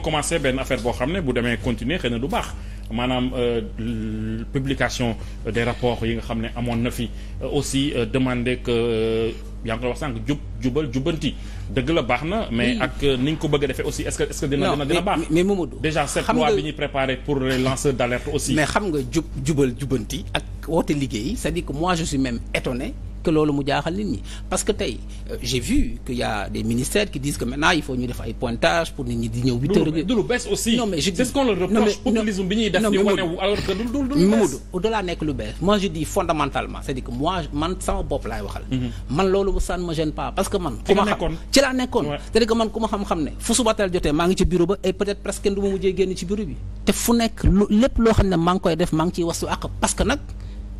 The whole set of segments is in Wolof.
commencé benn affaire boo xam ne bu demee continuer xëy na du baax maanaam euh, publication de rapports yi nga xam ne amoon na fi euh, aussi euh, demander que yaa ngi koy wax sànq jub jubal jubanti dëgg la baax na. mais ak ni ñu ko bëgg a defee aussi est-ce que est-ce que dina dina dina baax. mais Mamadou déjà cette loi bi ñuy préparé pour les lanceurs d'alerte aussi. mais xam nga jub jubal jubanti ak woote liggéey c'est-à-dire que moi je même étonné. que loolu mu jaaxal nit ñi parce que tey euh, j'ai vu que y a des ministères qui disent que maintenant il faut ñu def ay pointage pour nit ñi di ñëw huit heures du lu bees aussi non je di wane alors du du du nekk lu bees moi je dis fondamentalement c'est-à-dire moi man sama bopp laay waxal mhm. man loolu ça ne me pas parce que man ku ma xam ci laa nekkoon c'est-à-dire man ku ma xam-xam ne fu subatal jotee maa ngi ci bureau ba et peut presque du ma mujjee génn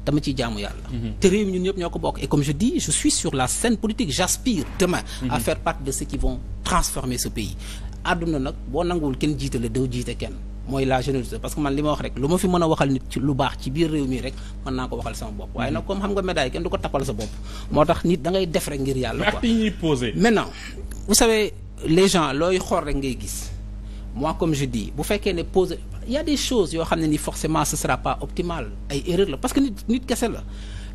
dama ciy jaamu yàlla. Mhm. te réew ñun ñëpp ñoo ko bokk et comme je dis je suis sur la scène politique j'aspire demain. à mhm. faire partie de ceux qui vont transformer ce pays. àdduna nag boo nanguwul kenn jiitale doo jiite kenn mooy la générosité parce que man li ma wax rek lu ma fi mën a waxal nit lu baax ci biir réew mi rek mën naa ko waxal sama bopp waaye mhm. nag comme xam nga médaille kenn du ko tappal sa bopp moo tax nit da ngay def rek ngir yàlla quoi maintenant vous savez y a yoo xam ne ni forcément ce sera pas optimal ay erreur la parce que nit nit kese la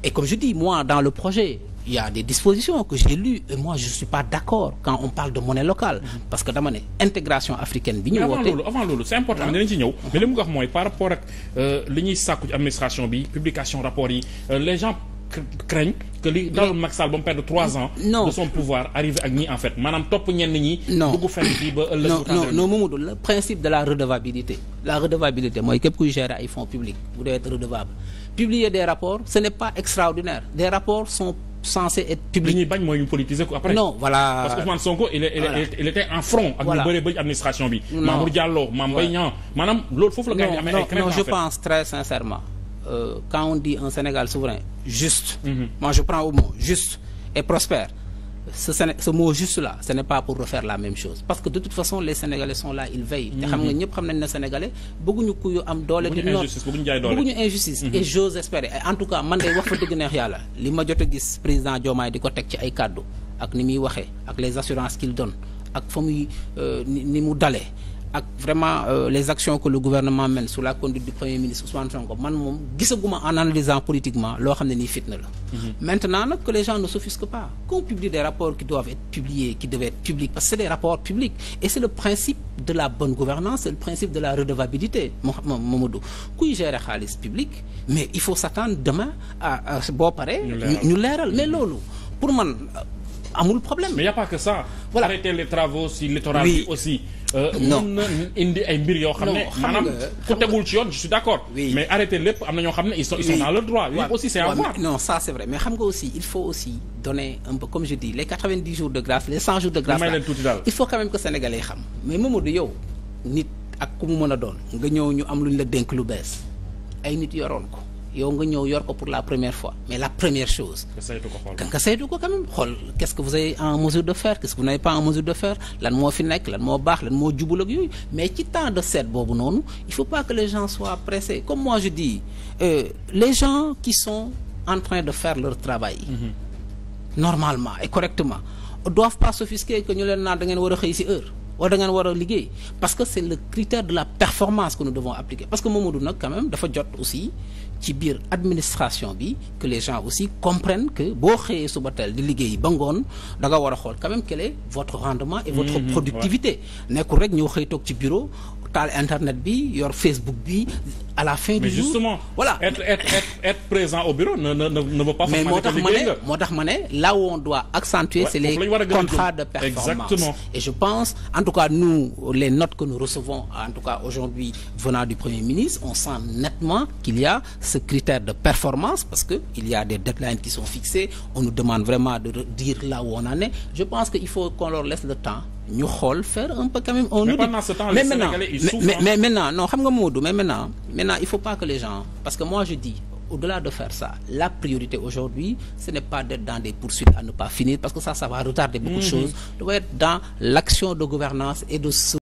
et projet il y a des dispositions que j'ai lues et moi je suis pas d'accord quand on parle de monnaie locale mhm. parce que dama ne intégration africaine bi ñu woote loolu avant loolu c'est important ah. ah. mais li mu wax mooy par rapport ak euh, li ñuy sàkku ci administration bi publication rapport yi euh, les gens craignent que li daloon Macky Sall ba mu perdre trois ans. de son pouvoir arrivé ak ñi en fait maanaam topp ñenn ñi. non dugg fenn ba ëllëg. non non non Mamadou le principe de la redevabilité. la redevabilité mooy képp kuy gérer ay fonds publics vous être redevable publier des rapports ce n'est pas extraordinaire des rapports sont. censé être public li ñuy bañ mooy ñu politiser après. non voilà parce que Ousmane Sonko il il était en front. ak ñu bëree bëri administration euh, quand on dit un Sénégal souverain juste mm -hmm. moi je prends au mot juste et prospère ce, ce mot juste là ce n'est pas pour refaire la même chose parce que de toute façon les Sénégalais sont là ils veillent te xam nga mhm. ñëpp xam nañ ne Sénégalais bëgguñu kuyu am doole di noot bëgguñu injustice mhm. et j'ose espérer en tout cas man day wax fa dëgg neex yàlla li ma jot a gis président Diomaye di ko teg ci ay kàddu ak ni muy waxee ak les assurances qu'il donne ak fa muy euh, ni mu dalee ak vraiment euh, les actions que le gouvernement mène sous la conduite du premier ministre Ousmane Sonko man moom gisaguma en analysant politiquement loo xam ne nii fitna la. Mhm. maintenant nag que les gens ne s'offusquent pas qu'on publie des rapports qui doivent être publiés qui devaient être publics parce que c'est le principe de la bonne gouvernance c'est le principe de la redevabilité moom Mamadou kuy xaalis public mais il faut s'attendre demain à amul problème. mais y' a que ça. voilà arrêter les travaux si littoral bi aussi. Euh, non indi ay mbir yoo xam ne. maanaam ku tegul ci yoon je suis d' accord. mais arrêter lépp am na ñoo xam ne ils sont ils sont dans le droit. oui aussi c' est à voir non ça c' est vrai mais xam nga aussi il faut aussi donner un peu comme je dis les quatre vingt dix jours de grâce les cent jours de grâce. il faut quand même que sénégalais xam. mais Mamadou yow nit ak ku mu mën a doon nga ñëw ñu am luñ la dénk lu bees ay nit yoroon ko. yow nga ñëw yor ko pour la première fois mais la première chose. nga saytu ko xool nga saytu xool qu'est-ce que vous avez en mesure de faire en mesure de faire lan moo fi nekk lan moo baax lan moo jubul yooyu mais ci temps de seet boobu noonu il faut pas que les gens soient pressés comme moi je dis euh, les gens qui sont en train de faire leur travail. Mm-hmm. normalement et correctement doivent pas s'offusquer que ñu leen naan da ngeen xëy ci heure. wala da war a liggéey parce que c'est le critère de la performance que nous devons appliquer parce que Mamadou nag quand même dafa jot aussi ci biir administration bi que les gens aussi comprennent que boo xëyee suba teel di liggéey ba ngoon da nga war a xool quand même quel est votre rendement et votre mhm, productivité nekkul rek ñëw xëy toog ci bureau taal internet bi yor Facebook bi à la fin du jour voilà être être présent au bureau ne ne pas. mais moo tax ma moo tax ma ne là où on doit accentuer c'est les contrats de performance exactement et je pense en tout cas nous les notes que nous recevons en tout cas aujourd'hui venant du premier ministre on sent nettement qu'il y a ce critère de performance parce que il y a des deadlines qui sont fixées on nous demande vraiment de dire là où on en est je pense qu'il faut qu'on leur laisse le temps ñu xool faire un peu quand même on mais pendant ce temps, mais les maintenant Sénégalais, ils souffrent, mais, mais, mais non mais maintenant il faut pas que les gens parce que moi je dis au-delà de faire ça la priorité aujourd'hui ce n'est pas d'être dans des poursuites à ne pas finir parce que ça ça va retarder beaucoup de mhm. choses de être dans l'action de gouvernance et de